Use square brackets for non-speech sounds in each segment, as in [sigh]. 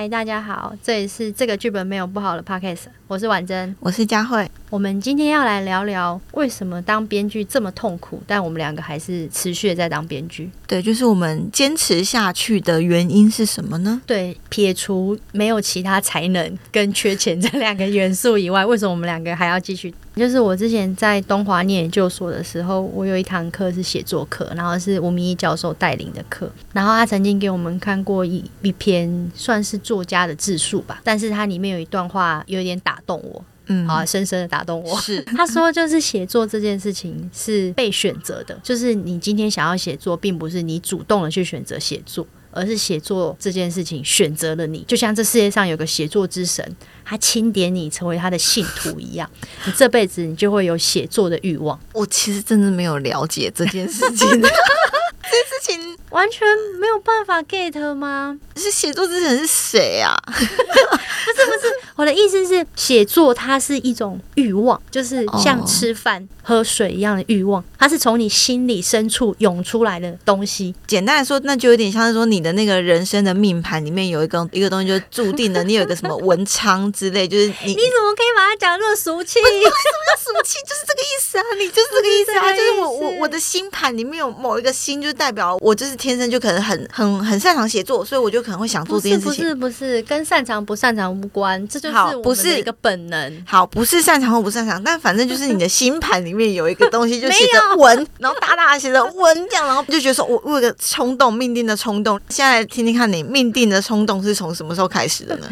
嗨，大家好，這裡是這個劇本沒有不好的 Podcast。我是宛臻，我是佳慧。我們今天要來聊聊為什麼當編劇這麼痛苦，但我們兩個還是持續的在當編劇。對，就是我們堅持下去的原因是什麼呢？對，撇除沒有其他才能跟缺錢這兩個元素以外， [laughs] 為什麼我們兩個還要繼續？就是我之前在東華念研究所的時候，我有一堂課是寫作課，然後是吳明益教授帶領的課，然後他曾經給我們看過一一篇算是作家的自述吧，但是它裡面有一段話有點打。打動我，嗯啊，深深的打動我。是他說，就是寫作這件事情是被選擇的，就是你今天想要寫作，並不是你主動的去選擇寫作，而是寫作這件事情選擇了你。就像這世界上有個寫作之神，他欽點你成為他的信徒一樣，你這輩子你就會有寫作的欲望。我其實真的沒有了解這件事情 [laughs] [laughs] 這件事情完全沒有辦法 get 嗎？是寫作之神是誰啊？ [laughs] 不 [laughs] 是不是，我的意思是寫作，它是一種欲望，就是像吃飯、oh. 喝水一樣的欲望，它是從你心裡深處湧出來的東西。簡單來說，那就有點像是說你的那個人生的命盤裡面有一個一個東西，就注定了你有一個什麼文昌之類， [laughs] 就是你你怎麼可以把它講這麼俗氣？什麼俗氣？就是這個意思啊，你就是這個意思啊，不是這個意思啊就是我我我的星盤裡面有某一個星，就代表我就是天生就可能很很很擅長寫作，所以我就可能會想做這件事情。不是不是,不是跟擅長不擅長？無關，這就是不是一個本能。好。好，不是擅長或不擅長，但反正就是你的星盤裡面有一個東西，就寫着文， [laughs] 然後大大寫着文這樣，然後就覺得說我有個衝動，命定的衝動。現在來聽聽看你命定的衝動是從什麼時候開始的呢？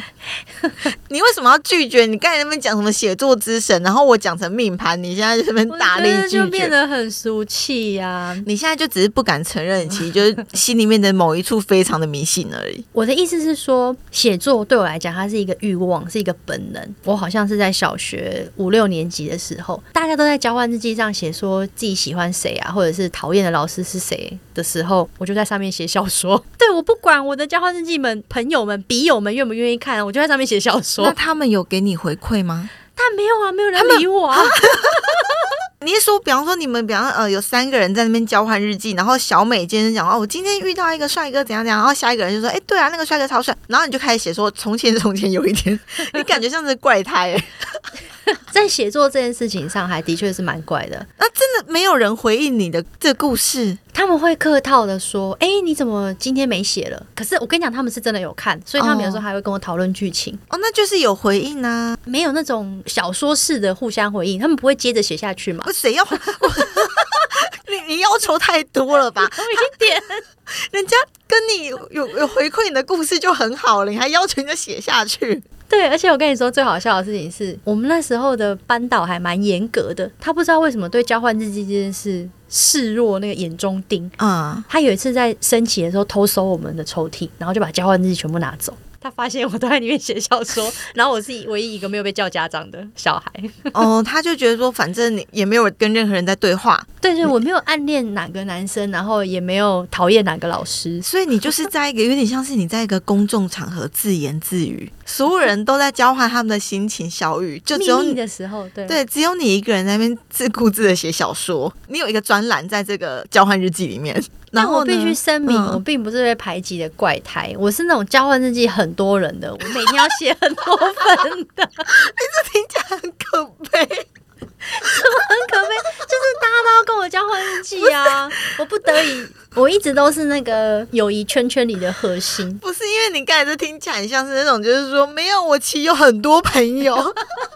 [laughs] 你為什麼要拒絕？你剛才那邊講什麼寫作之神，然後我講成命盤，你現在這邊大力拒絕，就變得很俗氣呀。你現在就只是不敢承認，其實就是心裡面的某一處非常的迷信而已。 [laughs] 我的意思是說，寫作對我來講，它是一個。一個慾望，是一個本能。我好像是在小學五六年級的時候，大家都在交換日記上寫說自己喜歡誰啊，或者是討厭的老師是誰的時候，我就在上面寫小說。對，我不管我的交換日記們、朋友們、筆友們願不願意看，我就在上面寫小說。那他們有給你回饋嗎？但沒有啊，沒有人理我。啊。 [laughs] 你說，比方說你們，比方呃，有三個人在那邊交換日記，然後小美今天講哦，我今天遇到一個帥哥，怎樣怎樣，然後下一個人就說，哎，對啊，那個帥哥超帥，然後你就開始寫說，從前從前有一天， [laughs] 你感覺像是怪胎欸。 [laughs] 在寫作這件事情上，還的確是蠻怪的。那、啊、真的沒有人回應你的這故事，他們會客套的說：“哎、欸，你怎麼今天沒寫了？”可是我跟你講，他們是真的有看，所以他們有時候還會跟我討論劇情哦。哦，那就是有回應啊，沒有那種小說式的互相回應，他們不會接着寫下去嗎？不是誰要？ [laughs] [laughs] 你你要求太多了吧？我已經點，人家跟你有有回饋你的故事就很好了，你還要求人家寫下去？對，而且我跟你說，最好笑的事情是我們那時候的班導還蠻嚴格的，他不知道為什麼對交換日記這件事視若那個眼中釘啊。他、嗯、有一次在升旗的時候偷搜我們的抽屜，然後就把交換日記全部拿走。他發現我都在裡面寫小說，然後我是唯一一個沒有被叫家長的小孩。哦、 [laughs] oh，他就覺得說，反正你也沒有跟任何人在對話。 [laughs] 對對，我沒有暗戀哪個男生，然後也沒有討厭哪個老師。 [laughs] 所以你就是在一個有點像是你在一個公眾場合自言自語，所有人都在交換他們的心情小語，就只有你的時候，對 [laughs] 對，只有你一個人在那邊自顧自的寫小說。你有一個專欄在這個交換日記裡面。那我必須聲明，我並不是被排擠的怪胎。嗯，我是那種交換日記很多人的，我每天要寫很多份的。 [laughs] 你這聽起來很可悲 [laughs] 什麼很可悲？就是大家都要跟我交換日記啊！我不得已，我一直都是那個友誼圈圈裡的核心。不是因為你剛才是聽起來像是那種，就是說沒有我，其實有很多朋友。 [laughs]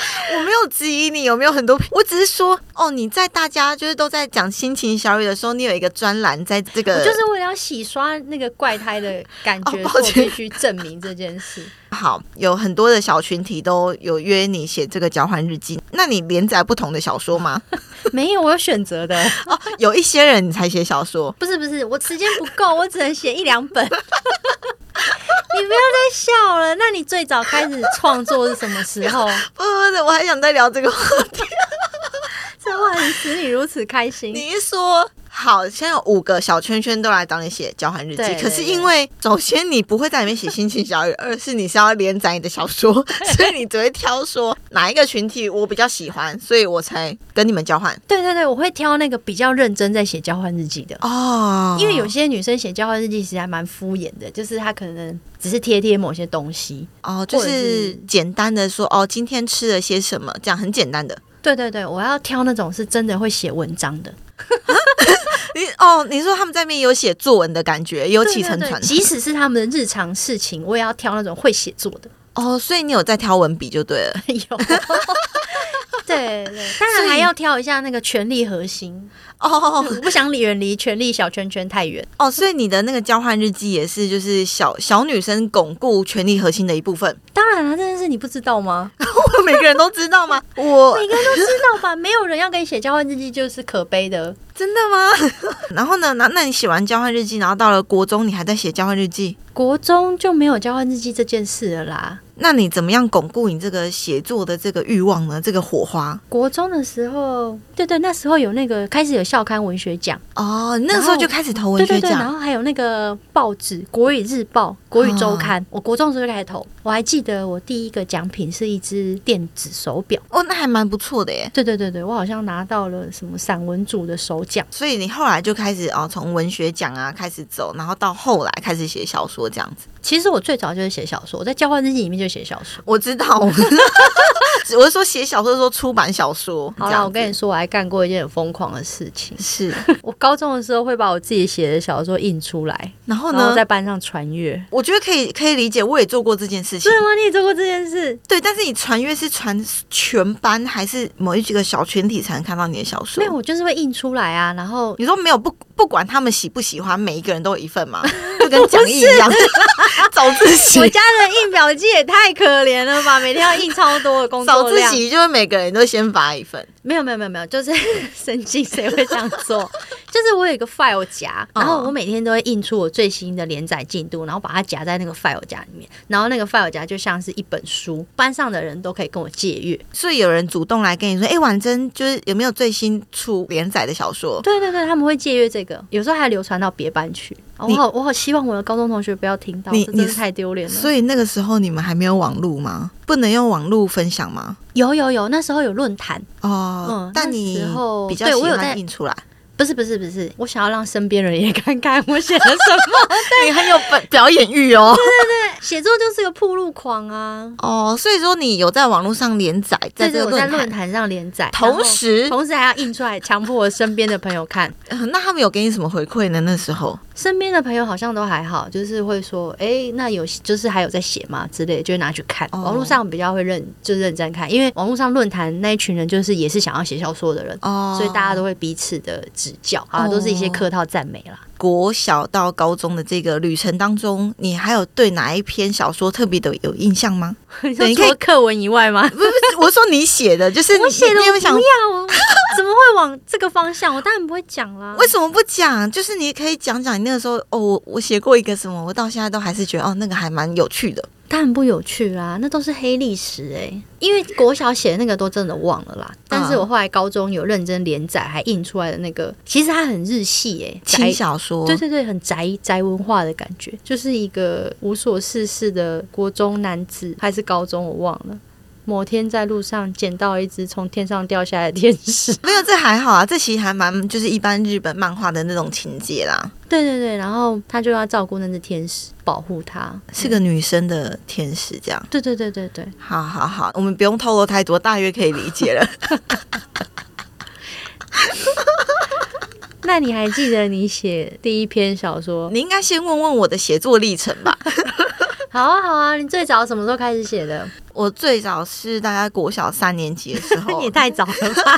[laughs] 我沒有質疑你有沒有很多，我只是說哦，你在大家就是都在講心情小語的時候，你有一個專欄，在這個，就是為了要洗刷那個怪胎的感覺， [laughs] 哦，所以我必須證明這件事。 [laughs] 好，有很多的小群體都有約你寫這個交換日記。那你連載不同的小說嗎？ [laughs] 沒有，我有選擇的哦。有一些人你才寫小說， [laughs] 不是不是，我時間不夠，我只能寫一兩本。 [laughs] 你不要再笑了。那你最早開始創作是什麼時候？ [laughs] 不不不，我還想再聊這個話題。這 [laughs] 話使你如此開心？你一說。好，現在有五個小圈圈都來找你寫交換日記。對對對對可是因為，首先你不會在裡面寫心情小語，二 [laughs] 是你是要連載你的小說，所以你只會挑說哪一個群體我比較喜歡，所以我才跟你們交換。對對對，我會挑那個比較認真在寫交換日記的哦。Oh, 因為有些女生寫交換日記其實還蠻敷衍的，就是她可能只是貼貼某些東西哦，oh, 就是簡單的說哦，今天吃了些什麼，這樣很簡單的。對對對，我要挑那種是真的會寫文章的。 [laughs] 你哦，你說他們在面有寫作文的感覺，有起承轉，即使是他們的日常事情，我也要挑那種會寫作的哦。所以你有在挑文筆就對了，有 [laughs] [laughs] 對、對，當然還要挑一下那個權力核心哦，不想離人離權力小圈圈太遠哦。所以你的那個交換日記也是就是小小女生鞏固權力核心的一部分。當然了，這件事你不知道嗎？ [laughs] 我每個人都知道嗎？ [laughs] 每個人都知道吧？我 [laughs] 每個人都知道吧。沒有人要給你寫交換日記就是可悲的。真的嗎？ [laughs] 然後呢？那那你寫完交換日記，然後到了國中，你還在寫交換日記？國中就沒有交換日記這件事了啦。那你怎麼樣鞏固你這個寫作的這個慾望呢？這個火花？國中的時候，對對，對，那時候有那個開始有校刊文學獎哦，那個時候就開始投文學獎。對，對，對，然後還有那個報紙《國語日報》《國語周刊》，嗯，我國中的時候就開始投。我還記得我第一個獎品是一隻電子手錶哦，那還蠻不錯的耶。對對對對，我好像拿到了什麼散文組的手。講，所以你後來就開始啊、哦，從文學獎啊開始走，然後到後來開始寫小說這樣子。其實我最早就是寫小說，我在交換日記裡面就寫小說。我知道，哦、 [laughs] [laughs] 我是說寫小說的時候出版小說。好，我跟你說，我還幹過一件很瘋狂的事情。是 [laughs] 我高中的時候會把我自己寫的小說印出來，然後呢然後，在班上傳閱。我覺得可以，可以理解。我也做過這件事情。對嗎？你也做過這件事？對，但是你傳閱是傳全班，還是某一幾個小群體才能看到你的小說？沒有，我就是會印出來。然後你都沒有不。不管他們喜不喜歡，每一個人都有一份嘛，就跟講義一樣早 [laughs] 自習。我家的印表機也太可憐了吧，每天要印超多的工作量。早自習就是每個人都先發一份，沒有沒有沒有沒有，就是神經，誰會這樣做？ [laughs] 就是我有一個 file 夾，然後我每天都會印出我最新的連載進度，然後把它夾在那個 file 夾裡面，然後那個 file 夾就像是一本書，班上的人都可以跟我借閱。所以有人主動來跟你說：“哎、欸，宛臻，就是有沒有最新出連載的小說？”對對對，他們會借閱這個。有時候還流傳到別班去，哦、我好我好希望我的高中同學不要聽到，你，你真是太丟臉了。所以那個時候你們還沒有網路嗎？不能用網路分享嗎？有有有，那時候有論壇哦、嗯。但你比較喜歡印出來。不是不是不是，我想要讓身邊人也看看我寫了什麼。 [laughs] [laughs] 你很有表表演欲哦。 [laughs] 對對對，寫作就是個暴露狂啊。哦、oh,，所以說你有在網絡上連載，在這個論壇上連載，同時同時還要印出來，強迫我身邊的朋友看、 [laughs] 呃。那他們有給你什麼回饋呢？那時候身邊的朋友好像都還好，就是會說，哎、欸，那有就是還有在寫嘛之類的，就拿去看。Oh. 網絡上比較會認，就是、認真看，因為網絡上論壇那一群人就是也是想要寫小說的人，oh. 所以大家都會彼此的。啊，都是一些客套讚美啦，哦。國小到高中的這個旅程當中，你還有對哪一篇小說特別的有印象嗎？ [laughs] 你說你除了課文以外嗎？不 [laughs] 是不，是，我說你寫的，就是你我寫的你有沒有想，不要，哦，怎麼會往這個方向？ [laughs] 我當然不會講啦。為什麼不講？就是你可以講講你那個時候哦，我我寫過一個什麼，我到現在都還是覺得哦，那個還蠻有趣的。但當然不有趣啦，啊，那都是黑歷史哎、欸。因為國小寫的那個都真的忘了啦， [laughs] 但是我後來高中有認真連載，還印出來的那個，嗯、其實它很日系哎、欸，輕小說，對對對，對，很宅宅文化的感覺，就是一個無所事事的國中男子還是高中，我忘了。某天在路上撿到一隻從天上掉下來的天使， [laughs] 沒有，這還好啊，這其實還蠻就是一般日本漫畫的那種情節啦。對對對，然後他就要照顧那隻天使，保護她，是個女生的天使這樣、嗯。對對對對對，好好好，我們不用透露太多，大約可以理解了。 [laughs] [laughs] [laughs] [laughs] [laughs] 那你還記得你寫第一篇小說？你應該先問問我的寫作歷程吧？ [laughs] [laughs] 好啊好啊，你最早什麼時候開始寫的？我最早是大概國小三年級的時候，你也太早了吧？ [laughs]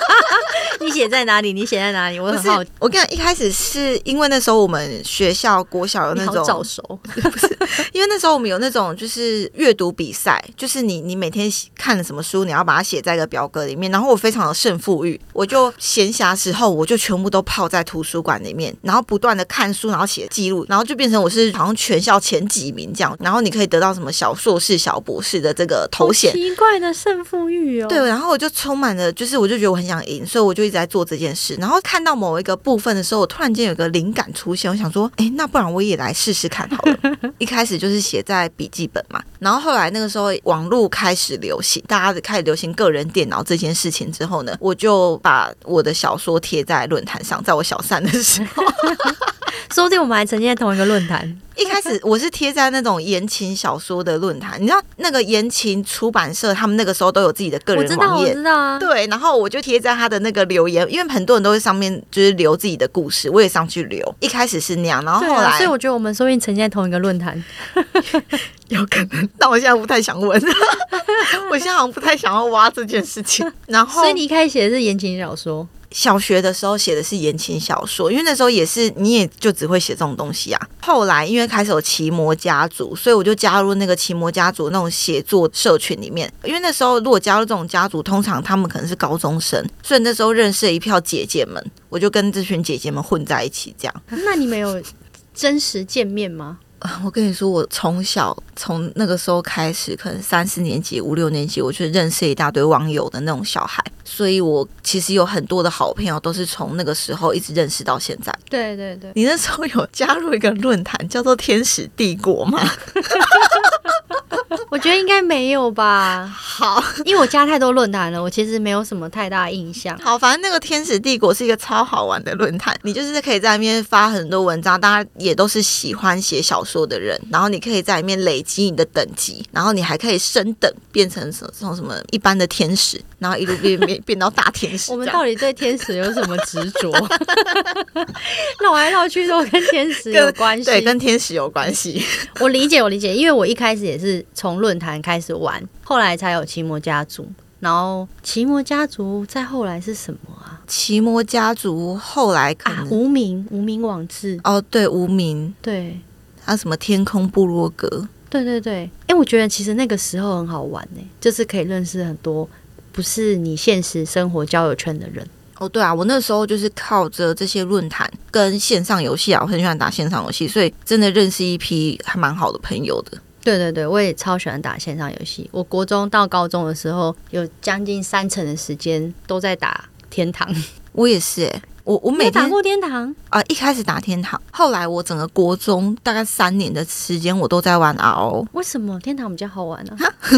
[laughs] 你寫在哪裡？你寫在哪裡？我很好。我跟你講，一開始是因為那時候我們學校國小有那種好找熟 [laughs] 因為那時候我們有那種就是閱讀比賽，就是你你每天看了什麼書，你要把它寫在一個表格裡面。然後我非常有勝負欲，我就閒暇時候我就全部都泡在圖書館裡面，然後不斷的看書，然後寫記錄，然後就變成我是好像全校前幾名這樣。然後你可以得到什麼小碩士、小博士的這個。哦、奇怪的勝負欲哦，對，然後我就充滿了，就是我就覺得我很想贏，所以我就一直在做這件事。然後看到某一個部分的時候，我突然間有個靈感出現，我想說，哎、欸，那不然我也來試試看好了。 [laughs] 一開始就是寫在筆記本嘛。然後後來那個時候，網絡開始流行，大家開始流行個人電腦這件事情之後呢，我就把我的小說貼在論壇上，在我小三的時候， [laughs] [laughs] 說不定我們還曾經在同一個論壇。 [laughs] 一開始我是貼在那種言情小說的論壇，你知道那個言情出版社他們那個時候都有自己的個人網頁，我知道，我知道啊？對，然後我就貼在他的那個留言，因為很多人都會上面就是留自己的故事，我也上去留。一開始是那樣，然後後來、啊，所以我覺得我們說不定曾經在同一個論壇， [laughs] 有可能。但我現在不太想問 [laughs] [laughs] 我現在好像不太想要挖這件事情。然後，所以你一開始寫的是言情小說。小學的時候寫的是言情小說，因為那時候也是你也就只會寫這種東西啊。後來因為開始有奇摩家族，所以我就加入那個奇摩家族那種寫作社群裡面。因為那時候如果加入這種家族，通常他們可能是高中生，所以那時候認識了一票姐姐們，我就跟這群姐姐們混在一起。這樣，那你們有真實見面嗎？我跟你說，我從小從那個時候開始，可能三四年級、五六年級，我就認識一大堆網友的那種小孩，所以我其實有很多的好朋友都是從那個時候一直認識到現在。對對對，你那時候有加入一個論壇叫做《天使帝國》嗎？ [laughs] [laughs] 我覺得應該沒有吧。好，因為我加太多論壇了，我其實沒有什麼太大的印象。好，反正那個《天使帝國》是一個超好玩的論壇，你就是可以在裡面發很多文章，大家也都是喜歡寫小說的人。然後你可以在裡面累積你的等級，然後你還可以升等變成什麼，從什麼一般的天使，然後一路變變變到大天使。 [laughs] 我們到底對天使有什麼執着？繞來繞去都跟天使有關係，對，跟天使有關係。 [laughs] 我理解，我理解，因為我一開始開始也是從論壇開始玩，後來才有奇摩家族，然後奇摩家族再後來是什麼啊？奇摩家族後來可能，啊、無名無名網誌哦，對，無名，對，還，啊、有什麼天空部落格？對對對，哎，欸，我覺得其實那個時候很好玩呢，欸，就是可以認識很多不是你現實生活交友圈的人哦。對啊，我那時候就是靠着這些論壇跟線上遊戲啊，我很喜歡打線上遊戲，所以真的認識一批還蠻好的朋友的。對對對，我也超喜歡打線上遊戲。我國中到高中的時候，有將近三成的時間都在打《天堂》。我也是。我我每天打過天堂啊、呃，一開始打天堂，後來我整個國中大概三年的時間，我都在玩 RO。為什麼天堂比較好玩呢、啊？ [laughs] [laughs]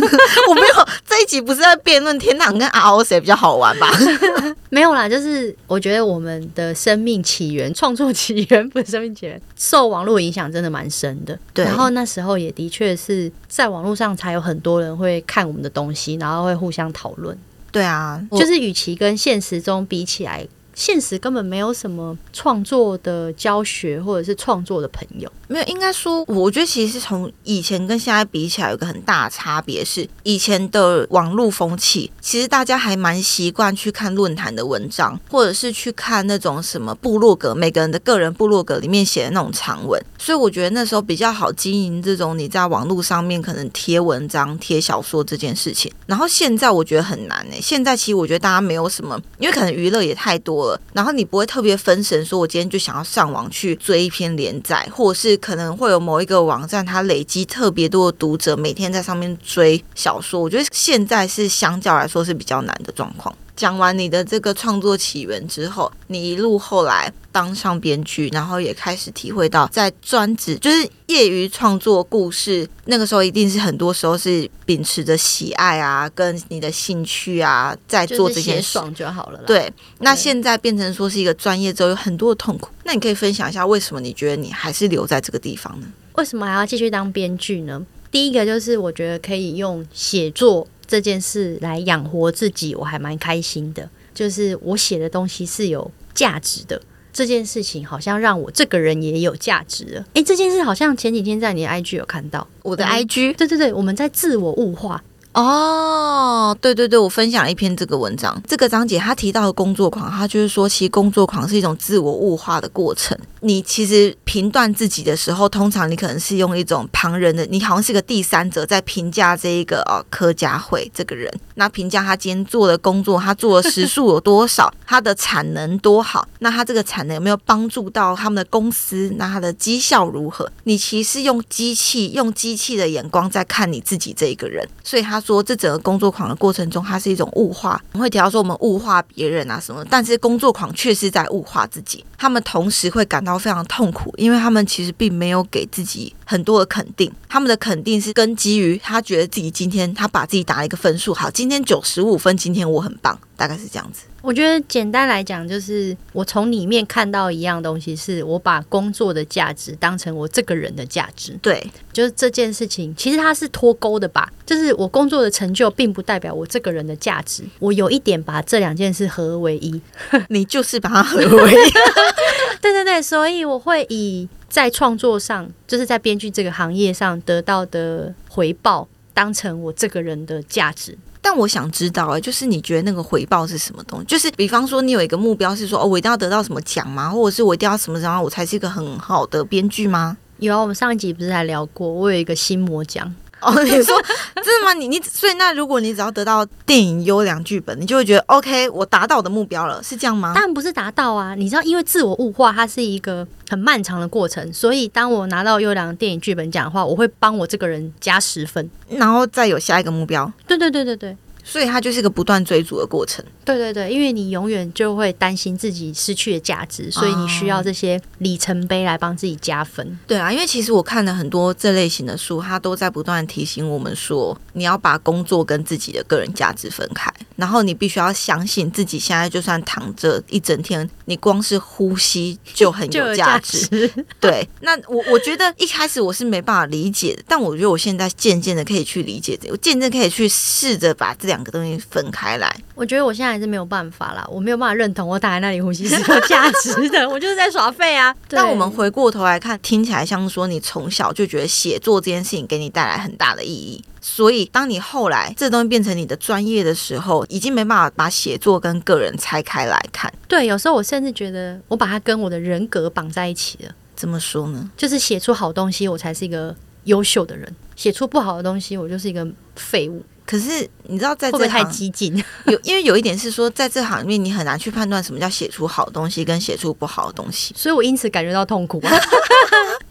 我沒有這一集不是在辯論天堂跟 RO 誰比較好玩吧？ [laughs] [laughs] 沒有啦，就是我覺得我們的生命起源、創作起源、不是生命起源受網絡影響真的蠻深的。對，然後那時候也的確是在網絡上才有很多人會看我們的東西，然後會互相討論。對啊，就是與其跟現實中比起來。現實根本沒有什麼創作的教學，或者是創作的朋友，沒有。應該說，我覺得其實從以前跟現在比起來，有個很大的差別是，以前的網絡風氣，其實大家還蠻習慣去看論壇的文章，或者是去看那種什麼部落格，每個人的個人部落格裡面寫的那種長文。所以我覺得那時候比較好經營這種你在網絡上面可能貼文章、貼小說這件事情。然後現在我覺得很難呢、欸。現在其實我覺得大家沒有什麼，因為可能娛樂也太多。然後你不會特別分神，說我今天就想要上網去追一篇連載，或者是可能會有某一個網站，它累積特別多的讀者，每天在上面追小說。我覺得現在是相較來說是比較難的狀況。講完你的這個創作起源之後，你一路後來當上編劇，然後也開始體會到，在專職就是業餘創作故事，那個時候一定是很多時候是秉持着喜愛啊，跟你的興趣啊，在做這件事，就是，爽就好了對。對，那現在變成說是一個專業之後，有很多的痛苦。那你可以分享一下，為什麼你覺得你還是留在這個地方呢？為什麼還要繼續當編劇呢？第一個就是我覺得可以用寫作這件事來養活自己，我還蠻開心的。就是我寫的東西是有價值的，這件事情好像讓我這個人也有價值了。誒，這件事好像前幾天在你的 IG 有看到，我的 IG，對，對對對，我們在自我物化。哦，對對對，我分享了一篇這個文章。這個張姐她提到的工作狂，她就是說，其實工作狂是一種自我物化的過程。你其實評斷自己的時候，通常你可能是用一種旁人的，你好像是個第三者在評價這一個哦柯佳慧這個人。那評價他今天做的工作，他做的時數有多少， [laughs] 他的產能多好，那他這個產能有沒有幫助到他們的公司？那他的績效如何？你其實用機器用機器的眼光在看你自己這一個人，所以他說。說這整個工作狂的過程中，它是一種物化。我們會提到說我們物化別人啊，什麼，但是工作狂確實在物化自己。他們同時會感到非常痛苦，因為他們其實並沒有給自己很多的肯定。他們的肯定是根基於他覺得自己今天他把自己打了一個分數，好，今天九十五分，今天我很棒，大概是這樣子。我覺得簡單來講，就是我從裡面看到一樣東西，是我把工作的價值當成我這個人的價值。對，就是這件事情，其實它是脫鈎的吧？就是我工作的成就，並不代表我這個人的價值。我有一點把這兩件事合為一， [laughs] 你就是把它合為一。 [laughs] [laughs] 對對對，所以我會以在創作上，就是在編劇這個行業上得到的回報，當成我這個人的價值。但我想知道，哎，就是你覺得那個回報是什麼東西？就是比方說，你有一個目標是說，哦，我一定要得到什麼獎嗎？或者是我一定要什麼什麼，我才是一個很好的編劇嗎？有啊，我們上一集不是還聊過，我有一個新魔獎。 [laughs] 哦，你說是嗎？你你，所以那如果你只要得到電影優良劇本，你就會覺得 OK，我達到我的目標了，是這樣嗎？當然不是達到啊，你知道，因為自我物化它是一個很漫長的過程，所以當我拿到優良電影劇本獎的話，我會幫我這個人加十分，嗯，然後再有下一個目標。對對對對對。所以它就是一個不斷追逐的過程。對對對，因為你永遠就會擔心自己失去的價值，所以你需要這些里程碑來幫自己加分。啊。對啊，因為其實我看了很多這類型的書，它都在不斷提醒我們說，你要把工作跟自己的個人價值分開。然後你必須要相信自己，現在就算躺着一整天，你光是呼吸就很有價值。價值。對，那我我覺得一開始我是沒辦法理解的， [laughs] 但我覺得我現在漸漸的可以去理解的，我漸漸可以去試着把這兩。兩個東西分開來，我覺得我現在還是沒有辦法啦，我沒有辦法認同我躺在那裡呼吸是有價值的， [laughs] 我就是在耍廢啊。 [laughs] 當我們回過頭來看，聽起來像是說你從小就覺得寫作這件事情給你帶來很大的意義，所以當你後來這東西變成你的專業的時候，已經沒辦法把寫作跟個人拆開來看。對，有時候我甚至覺得我把它跟我的人格綁在一起了。怎麼說呢？就是寫出好東西，我才是一個優秀的人；寫出不好的東西，我就是一個廢物。可是你知道，在這不會太激進？有因為有一點是說，在這行裡面，你很難去判斷什麼叫寫出好東西，跟寫出不好的東西。所以我因此感覺到痛苦。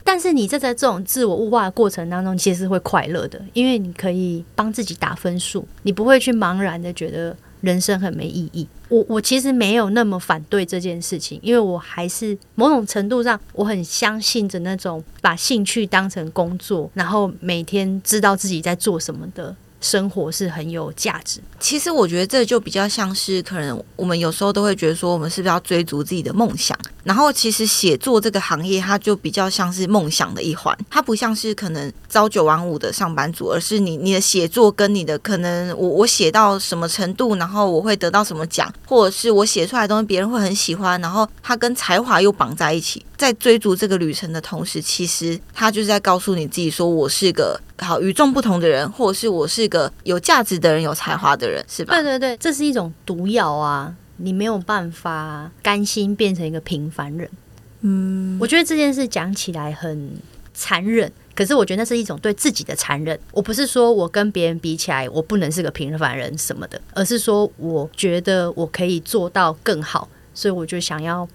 但是你在這種自我物化的過程當中，其實是會快樂的，因為你可以幫自己打分數，你不會去茫然的覺得人生很沒意義。我我其實沒有那麼反對這件事情，因為我還是某種程度上，我很相信着那種把興趣當成工作，然後每天知道自己在做什麼的。生活是很有價值。其實我覺得這就比較像是，可能我們有時候都會覺得說，我們是不是要追逐自己的夢想？然後其實寫作這個行業，它就比較像是夢想的一環。它不像是可能朝九晚五的上班族，而是你，你的寫作跟你的可能我，我我寫到什麼程度，然後我會得到什麼獎，或者是我寫出來的東西別人會很喜歡，然後它跟才華又綁在一起。在追逐這個旅程的同時，其實他就是在告訴你自己：說我是個好與眾不同的人，或者是我是個有價值的人、有才華的人，是吧？對對對，這是一種毒藥啊！你沒有辦法甘心變成一個平凡人。嗯，我覺得這件事講起來很殘忍，可是我覺得那是一種對自己的殘忍。我不是說我跟別人比起來，我不能是個平凡人什麼的，而是說我覺得我可以做到更好，所以我就想要。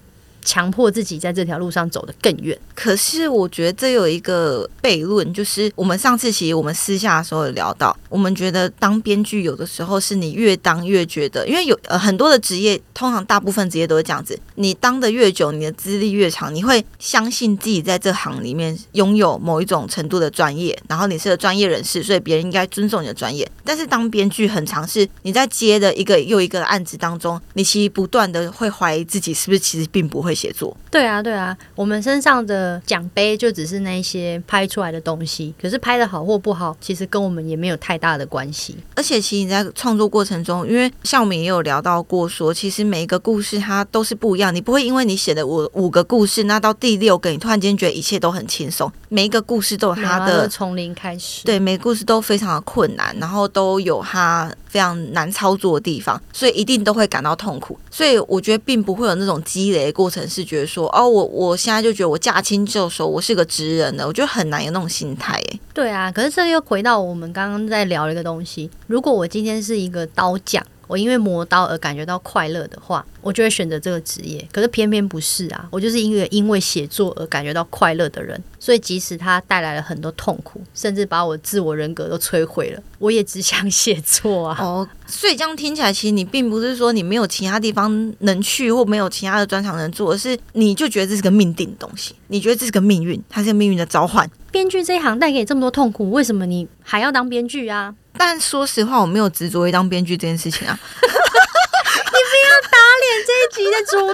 強迫自己在這條路上走得更遠。可是我覺得這有一個悖論，就是我們上次，其實我們私下的時候有聊到，我們覺得當編劇有的時候是你越當越覺得，因為有呃很多的職業，通常大部分職業都是這樣子，你當的越久，你的資歷越長，你會相信自己在這行裡面擁有某一種程度的專業，然後你是個專業人士，所以別人應該尊重你的專業。但是當編劇很常是，你在接的一個又一個的案子當中，你其實不斷的會懷疑自己是不是其實並不會。會寫作，對啊，對啊，我們身上的獎盃就只是那些拍出來的東西，可是拍得好或不好，其實跟我們也沒有太大的關係。而且，其實你在創作過程中，因為像我們也有聊到過說，說其實每一個故事它都是不一樣，你不會因為你寫的我五,五個故事，那到第六個，你突然間覺得一切都很輕鬆。每一個故事都有它的從零、嗯、開始，對，每個故事都非常的困難，然後都有它非常難操作的地方，所以一定都會感到痛苦。所以我覺得，並不會有那種積累的過程。可能是覺得說哦，我我現在就覺得我駕輕就熟，我是個職人了，我覺得很難有那種心態欸。對啊，可是這又回到我們剛剛在聊一個東西，如果我今天是一個刀匠。我因為磨刀而感覺到快樂的話，我就會選擇這個職業。可是偏偏不是啊，我就是因為因為寫作而感覺到快樂的人，所以即使它帶來了很多痛苦，甚至把我自我人格都摧毀了，我也只想寫作啊。哦，所以這樣聽起來，其實你並不是說你沒有其他地方能去，或沒有其他的專長能做，而是你就覺得這是個命定的東西，你覺得這是個命運，它是個命運的召喚。編劇這一行帶給你這麼多痛苦，為什麼你還要當編劇啊？但說實話，我沒有執着於當編劇這件事情啊。 [laughs] 你不要打臉這一集的主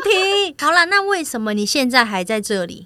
題。好啦，那為什麼你現在還在這裡？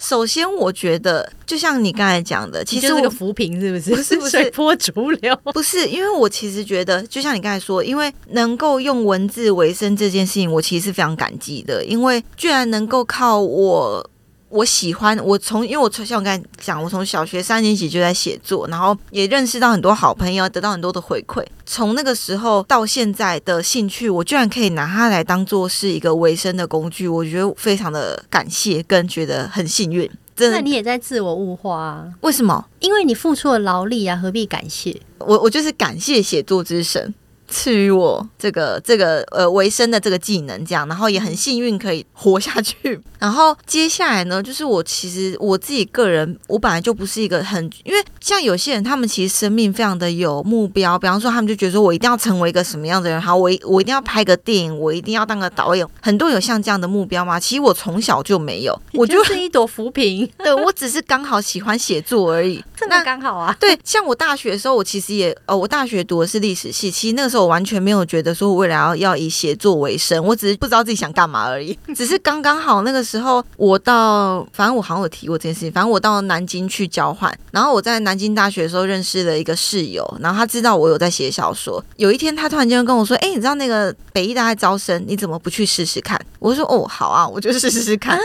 首先，我覺得就像你剛才講的，其實是個浮萍，是不是？不是隨波逐流，不是。因為我其實覺得，就像你剛才說，因為能夠用文字為生這件事情，我其實是非常感激的，因為居然能夠靠我。我喜歡我從，因為我從小我剛才講，我從小學三年級就在寫作，然後也認識到很多好朋友，得到很多的回饋。從那個時候到現在的興趣，我居然可以拿它來當做是一個維生的工具，我覺得我非常的感謝，跟覺得很幸運。真的。那你也在自我物化啊。為什麼？因為你付出了勞力啊，何必感謝我？我就是感謝寫作之神，賜予我這個這個呃維生的這個技能，這樣，然後也很幸運可以活下去。然後接下來呢，就是我其實我自己個人，我本來就不是一個很，因為像有些人他們其實生命非常的有目標，比方說他們就覺得說我一定要成為一個什麼樣的人，好，我我一定要拍個電影，我一定要當個導演。很多有像這樣的目標嗎？其實我從小就沒有，我就，就是一朵浮萍， [laughs] 對，我只是剛好喜歡寫作而已， [laughs] 那真的剛好啊。對，像我大學的時候，我其實也呃，我大學讀的是歷史系，其實那個時候。我完全沒有覺得說我未來要要以寫作為生，我只是不知道自己想幹嘛而已。只是剛剛好那個時候，我到反正我好像有提過這件事情。反正我到南京去交換，然後我在南京大學的時候認識了一個室友，然後他知道我有在寫小說。有一天，他突然間跟我說：“哎、欸，你知道那個北藝大在招生，你怎麼不去試試看？”我就說：“哦，好啊，我就試試看。”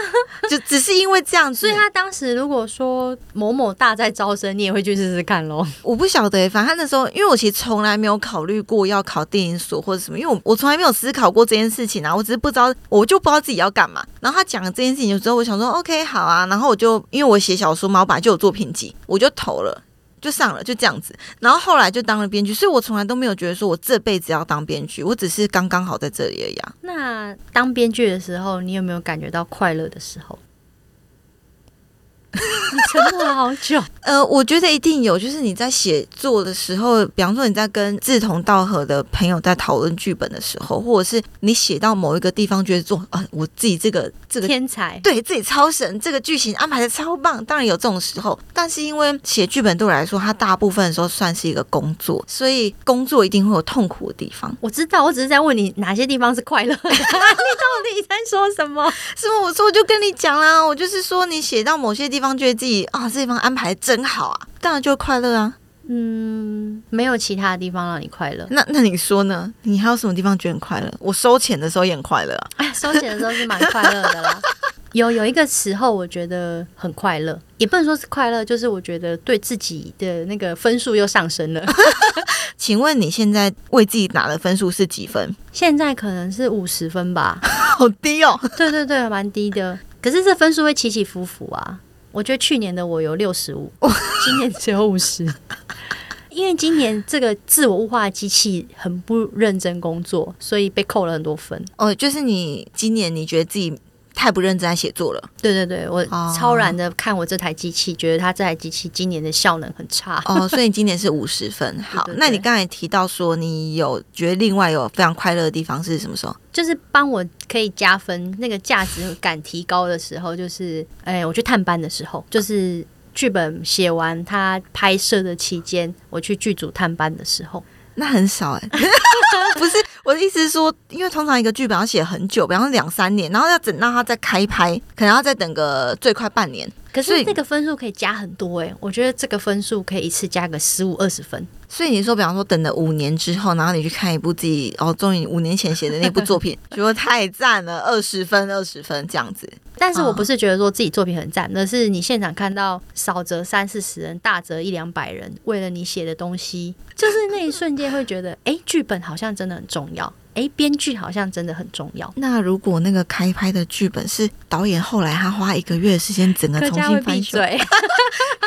就只是因為這樣 [laughs] 所以他當時如果說某某大在招生，你也會去試試看嘍？我不曉得，反正他那時候，因為我其實從來沒有考慮過要。考電影所或者什麼，因為我我從來沒有思考過這件事情啊，我只是不知道，我就不知道自己要幹嘛。然後他講了這件事情之後，我想說 OK 好啊，然後我就因為我寫小說嘛，我本來就有作品集，我就投了，就上了，就這樣子。然後後來就當了編劇，所以我從來都沒有覺得說我這輩子要當編劇，我只是剛剛好在這裡而已啊。那當編劇的時候，你有沒有感覺到快樂的時候？你沉默了好久。 [laughs] 呃，我覺得一定有，就是你在寫作的時候，比方說你在跟志同道合的朋友在討論劇本的時候，或者是你寫到某一個地方，覺得做啊，我自己這個這個天才對，對自己超神，這個劇情安排的超棒。當然有這種時候，但是因為寫劇本對我來說，它大部分的時候算是一個工作，所以工作一定會有痛苦的地方。我知道，我只是在問你哪些地方是快樂的。 [laughs] 你到底在說什麼？ [laughs] 是嗎？我說我就跟你講啦、啊，我就是說你寫到某些地方。覺得自己啊，這地方安排真好啊，當然就快樂啊。嗯，沒有其他的地方讓你快樂。那那你說呢？你還有什麼地方覺得很快樂？我收錢的時候也很快樂啊。哎，收錢的時候是蠻快樂的啦。 [laughs] 有有一個時候我覺得很快樂，也不能說是快樂，就是我覺得對自己的那個分數又上升了。 [laughs] 請問你現在為自己拿的分數是幾分？現在可能是五十分吧， [laughs] 好低哦。對對對，蠻低的。可是這分數會起起伏伏啊。我覺得去年的我有六十五，今年只有五十，因為今年這個自我物化機器很不認真工作，所以被扣了很多分。哦，就是你今年你覺得自己？太不認真在寫作了。對對對，我超然的看我這台機器，oh. 覺得它這台機器今年的效能很差。哦、oh，所以你今年是五十分。 [laughs] 好，那你剛才提到說你有覺得另外有非常快樂的地方是什麼時候？就是幫我可以加分，那個價值感提高的時候。就是哎、欸，我去探班的時候，就是劇本寫完，他拍攝的期間，我去劇組探班的時候。那很少哎、欸 [laughs] [laughs] 不是，我的意思是說，因為通常一個劇本要寫很久，比方說兩三年，然後要等到他再開拍，可能要再等個最快半年。可是那個分數可以加很多哎、欸，我覺得這個分數可以一次加個十五二十分。所以你說，比方說，等了五年之後，然後你去看一部自己哦，終於五年前寫的那部作品， [laughs] 覺得太讚了，二十分二十分這樣子。但是我不是覺得說自己作品很讚，而是你現場看到少則三四十人，大則一兩百人，為了你寫的東西，就是那一瞬間會覺得，哎， [laughs] 劇本好像真的很重要。哎，編劇好像真的很重要。那如果那個開拍的劇本是導演後來他花一個月的時間整個重新翻， [laughs] [laughs]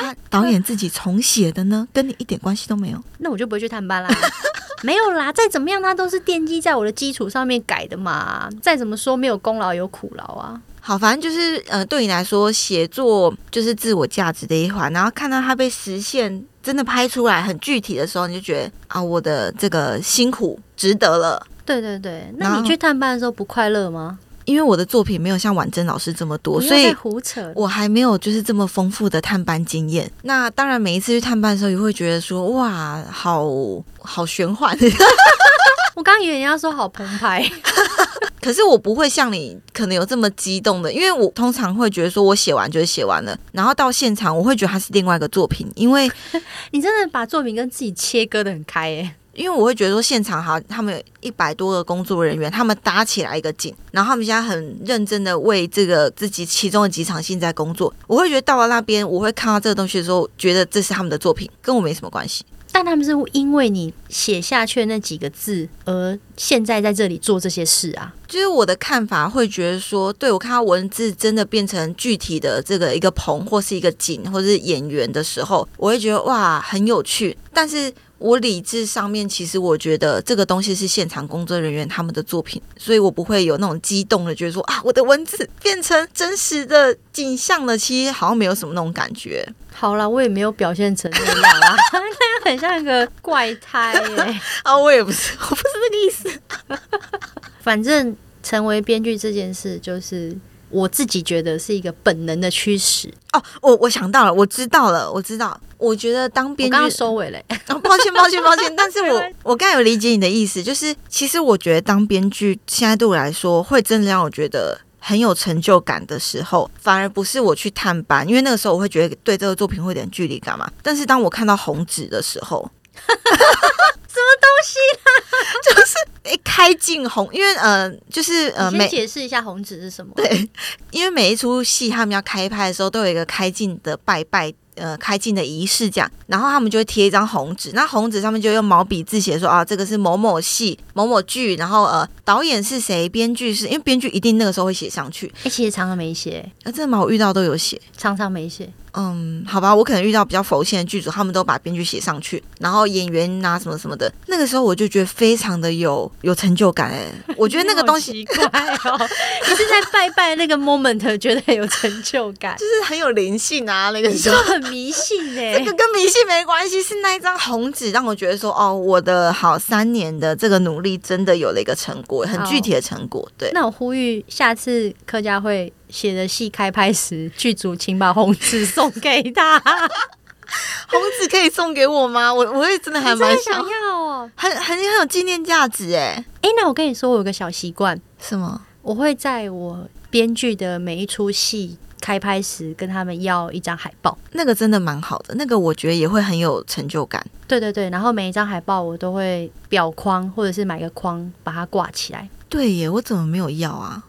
那導演自己重寫的呢？跟你一點關係都沒有。那我就不會去探班啦。 [laughs] 沒有啦，再怎麼樣他都是奠基在我的基礎上面改的嘛。再怎麼說沒有功勞有苦勞啊。好，反正就是呃，對你來說寫作就是自我價值的一環。然後看到他被實現，真的拍出來很具體的時候，你就覺得啊，我的這個辛苦值得了。對對對，那你去探班的時候不快樂嗎？因為我的作品沒有像宛臻老師這麼多，所以胡扯，我還沒有就是這麼豐富的探班經驗。那當然，每一次去探班的時候也會覺得說，哇，好好，好玄幻。 [laughs] [laughs] 我剛以為人家說好澎湃， [laughs] [laughs] 可是我不會像你，可能有這麼激動的，因為我通常會覺得說我寫完就是寫完了，然後到現場我會覺得它是另外一個作品，因為 [laughs] 你真的把作品跟自己切割得很開耶、欸。因為我會覺得說現場好，他們有一百多個工作人員，他們搭起來一個景，然後他們現在很認真的為這個自己其中的幾場戲在工作。我會覺得到了那邊，我會看到這個東西的時候，覺得這是他們的作品，跟我沒什麼關係。但他們是因為你寫下去那幾個字，而現在在這裡做這些事啊？就是我的看法，會覺得說，對我看到文字真的變成具體的這個一個棚，或是一個景，或是演員的時候，我會覺得哇，很有趣。但是。我理智上面，其實我覺得這個東西是現場工作人員他們的作品，所以我不會有那種激動的，覺得說啊，我的文字變成真實的景象了，其實好像沒有什麼那種感覺。好啦，我也沒有表現成那樣啦，那個 [laughs] 很像一個怪胎哎、欸、 [laughs] 啊，我也不是，我不是那個意思。 [laughs] 反正成為編劇這件事，就是我自己覺得是一個本能的驅使。哦，我我想到了，我知道了，我知道。我覺得當編劇剛剛收尾嘞。抱，抱歉抱歉抱歉， [laughs] 但是我我剛有理解你的意思，就是其實我覺得當編劇現在對我來說會真的讓我覺得很有成就感的時候，反而不是我去探班，因為那個時候我會覺得對這個作品會有點距離感嘛。但是當我看到紅紙的時候， [laughs] [laughs] 什麼東西啦，就是一、欸、開鏡紅，因為呃，就是呃，你先解釋一下紅紙是什麼？對，因為每一出戲他們要開拍的時候都有一個開鏡的拜拜。呃，開鏡的儀式這樣，然後他們就會貼一張紅紙，那紅紙上面就用毛筆字寫說啊，這個是某某戲、某某劇，然後呃，導演是誰，編劇是因為編劇一定那個時候會寫上去。哎、欸，其實常常沒寫，啊，真的嗎？我遇到都有寫，常常沒寫。嗯，好吧，我可能遇到比較佛系的劇組，他們都把編劇寫上去，然後演員啊什麼什麼的。那個時候我就覺得非常的有有成就感。欸，我覺得那個東西 [laughs] 你好奇怪哦， [laughs] 你是在拜拜那個 moment 覺得很有成就感，就是很有靈性啊。那個時候你說很迷信哎、欸，這個跟迷信沒關係，是那一張紅紙讓我覺得說哦，我的好三年的這個努力真的有了一個成果，很具體的成果。對。那我呼籲下次客家會。寫的戲開拍時，劇組請把紅紙送給他。紅 [laughs] 紙可以送給我嗎？我我也真的還蠻想要哦，很很很有紀念價值哎。哎、欸，那我跟你說，我有個小習慣。是嗎？我會在我編劇的每一出戲開拍時，跟他們要一張海報。那個真的蠻好的，那個我覺得也會很有成就感。對對對，然後每一張海報我都會裱框，或者是買個框把它掛起來。對耶，我怎麼沒有要啊？ [laughs]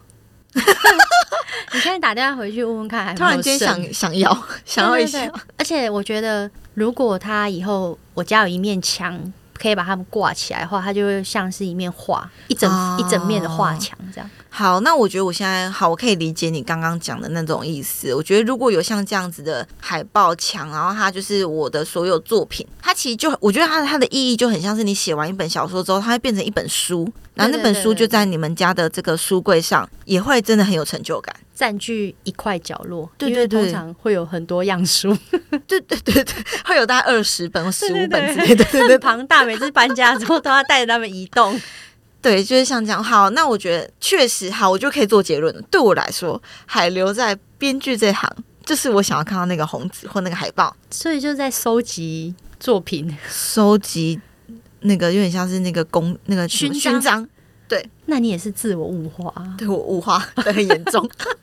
[laughs] 你現在打電話回去問問看，還突然間想想要想要一下，而且我覺得，如果他以後我家有一面牆，可以把它們掛起來的話，它就會像是一面畫，一整、啊、一整面的畫牆這樣。好，那我覺得我現在好，我可以理解你剛剛講的那種意思。我覺得如果有像這樣子的海報牆，然後它就是我的所有作品，它其實就我覺得它它的意義就很像是你寫完一本小說之後，它會變成一本書，然後那本書就在你們家的這個書櫃上，對對對對對，也會真的很有成就感。佔據一塊角落，對對，通常會有很多樣書，對對對對， [laughs] 會有大概二十本或十五本之類的，對對龐大，每次搬家之後都要帶着他們移動。對，就是像這樣，好，那我覺得確實好，我就可以做結論。對我來說，還留在編劇這行，就是我想要看到那個紅紙或那個海報，所以就在收集作品，收集那個有點像是那個功那個勳章。對，那你也是自我物化啊，對我物化很嚴重。 [laughs]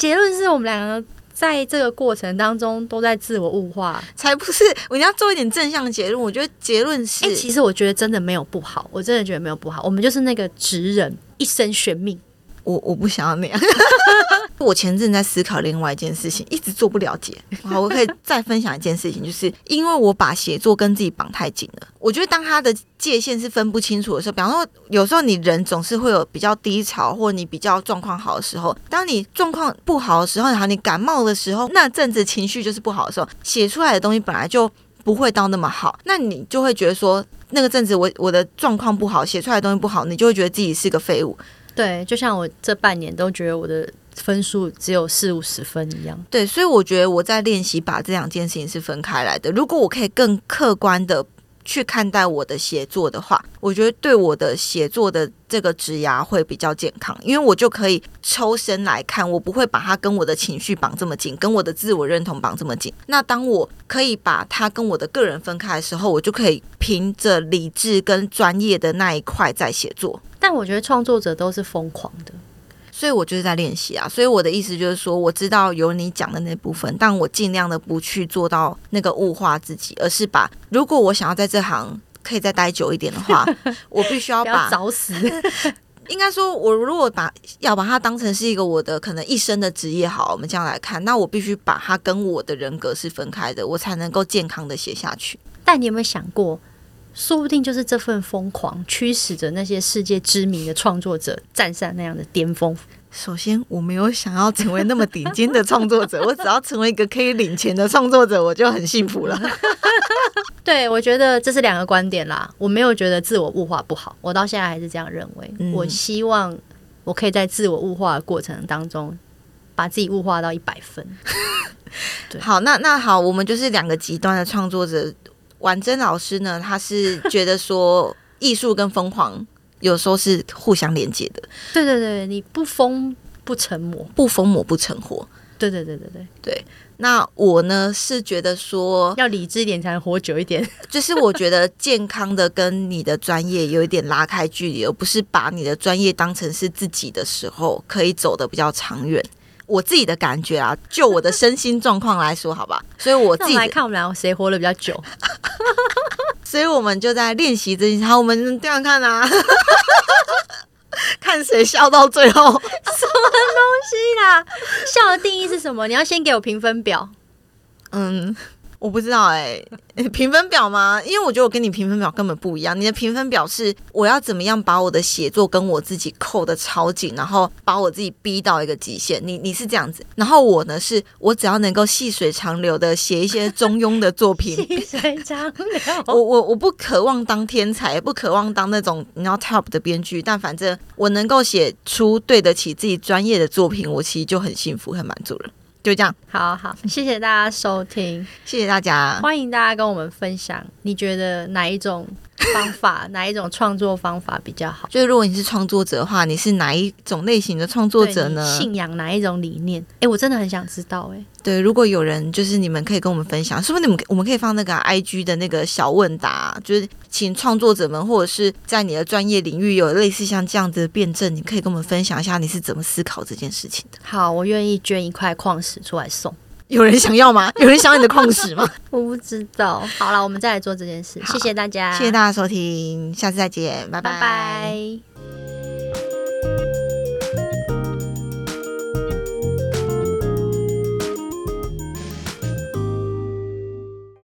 結論是我們兩個在這個過程當中都在自我物化，才不是。我要做一點正向結論。我覺得結論是、欸，哎，其實我覺得真的沒有不好，我真的覺得沒有不好。我們就是那個職人，一生懸命。我我不想要那樣。 [laughs] 我前陣在思考另外一件事情，一直做不了解。好，我可以再分享一件事情，就是因為我把寫作跟自己綁太緊了。我覺得當他的界限是分不清楚的時候，比方說有時候你人總是會有比較低潮，或你比較狀況好的時候，當你狀況不好的時候，然後你感冒的時候，那陣子情緒就是不好的時候，寫出來的東西本來就不會到那麼好，那你就會覺得說，那個陣子我我的狀況不好，寫出來的東西不好，你就會覺得自己是個廢物。對，就像我這半年都覺得我的分數只有四五十分一樣。對，所以我覺得我在練習把這兩件事情是分開來的。如果我可以更客觀的。去看待我的寫作的話，我覺得對我的寫作的這個職涯會比較健康，因為我就可以抽身來看，我不會把它跟我的情緒綁這麼緊，跟我的自我認同綁這麼緊。那當我可以把它跟我的個人分開的時候，我就可以憑着理智跟專業的那一塊在寫作。但我覺得創作者都是瘋狂的。所以我就是在練習啊，所以我的意思就是說，我知道有你講的那部分，但我盡量的不去做到那個物化自己，而是把如果我想要在這行可以再待久一點的話， [laughs] 我必須要把不要找死。 [laughs] 應該說，我如果把要把它當成是一個我的可能一生的職業，好，我們這樣來看，那我必須把它跟我的人格是分開的，我才能夠健康的寫下去。但你有沒有想過？說不定就是這份瘋狂驅使着那些世界知名的創作者站上那樣的巔峰。首先，我沒有想要成為那麼頂尖的創作者， [laughs] 我只要成為一個可以領錢的創作者，我就很幸福了。 [laughs] 對，我覺得這是兩個觀點啦。我沒有覺得自我物化不好，我到現在還是這樣認為。我希望我可以在自我物化的過程當中，把自己物化到一百分。對 [laughs] 好，那那好，我們就是兩個極端的創作者。婉珍老師呢，她是覺得說藝術跟瘋狂有時候是互相連接的。 [laughs] 對對對，你不瘋不成魔，不瘋魔不成活。對對對對對對。對，那我呢是覺得說要理智一點才能活久一點， [laughs] 就是我覺得健康的跟你的專業有一點拉開距離， [laughs] 而不是把你的專業當成是自己的時候，可以走得比較長遠。我自己的感覺啊，就我的身心狀況來說， [laughs] 好吧，所以我自己，我們來看我們倆誰活得比較久， [laughs] [laughs] 所以我們就在練習這一套，好，我們這樣看啊， [laughs] 看誰笑到最後， [laughs] 什麼東西啦、啊？笑的定義是什麼？你要先給我評分表，嗯。我不知道哎、欸，評分表嗎？因為我覺得我跟你評分表根本不一樣。你的評分表是我要怎麼樣把我的寫作跟我自己扣的超緊，然後把我自己逼到一個極限。你你是這樣子，然後我呢，是我只要能夠細水長流的寫一些中庸的作品。 [laughs] 細水長流。 [laughs] 我我我不渴望當天才，也不渴望當那種你要 top 的編劇，但反正我能夠寫出對得起自己專業的作品，我其實就很幸福、很滿足了。就這樣，好好，謝謝大家收聽， [laughs] 謝謝大家，歡迎大家跟我們分享，你覺得哪一種？ [laughs] 方法哪一種創作方法比較好？就是如果你是創作者的話，你是哪一種類型的創作者呢？信仰哪一種理念？哎、欸，我真的很想知道哎、欸。對，如果有人就是你們可以跟我們分享，是不是你們我們可以放那個、啊、I G 的那個小問答、啊？就是請創作者們或者是在你的專業領域有類似像這樣子的辯證，你可以跟我們分享一下你是怎麼思考這件事情的。好，我願意捐一塊礦石出來送。有人想要嗎？ [laughs] 有人想要你的礦石嗎？ [laughs] 我不知道。好了，我們再來做這件事。 [laughs] 謝謝大家，謝謝大家收聽，下次再見，拜 [laughs] 拜。Bye bye。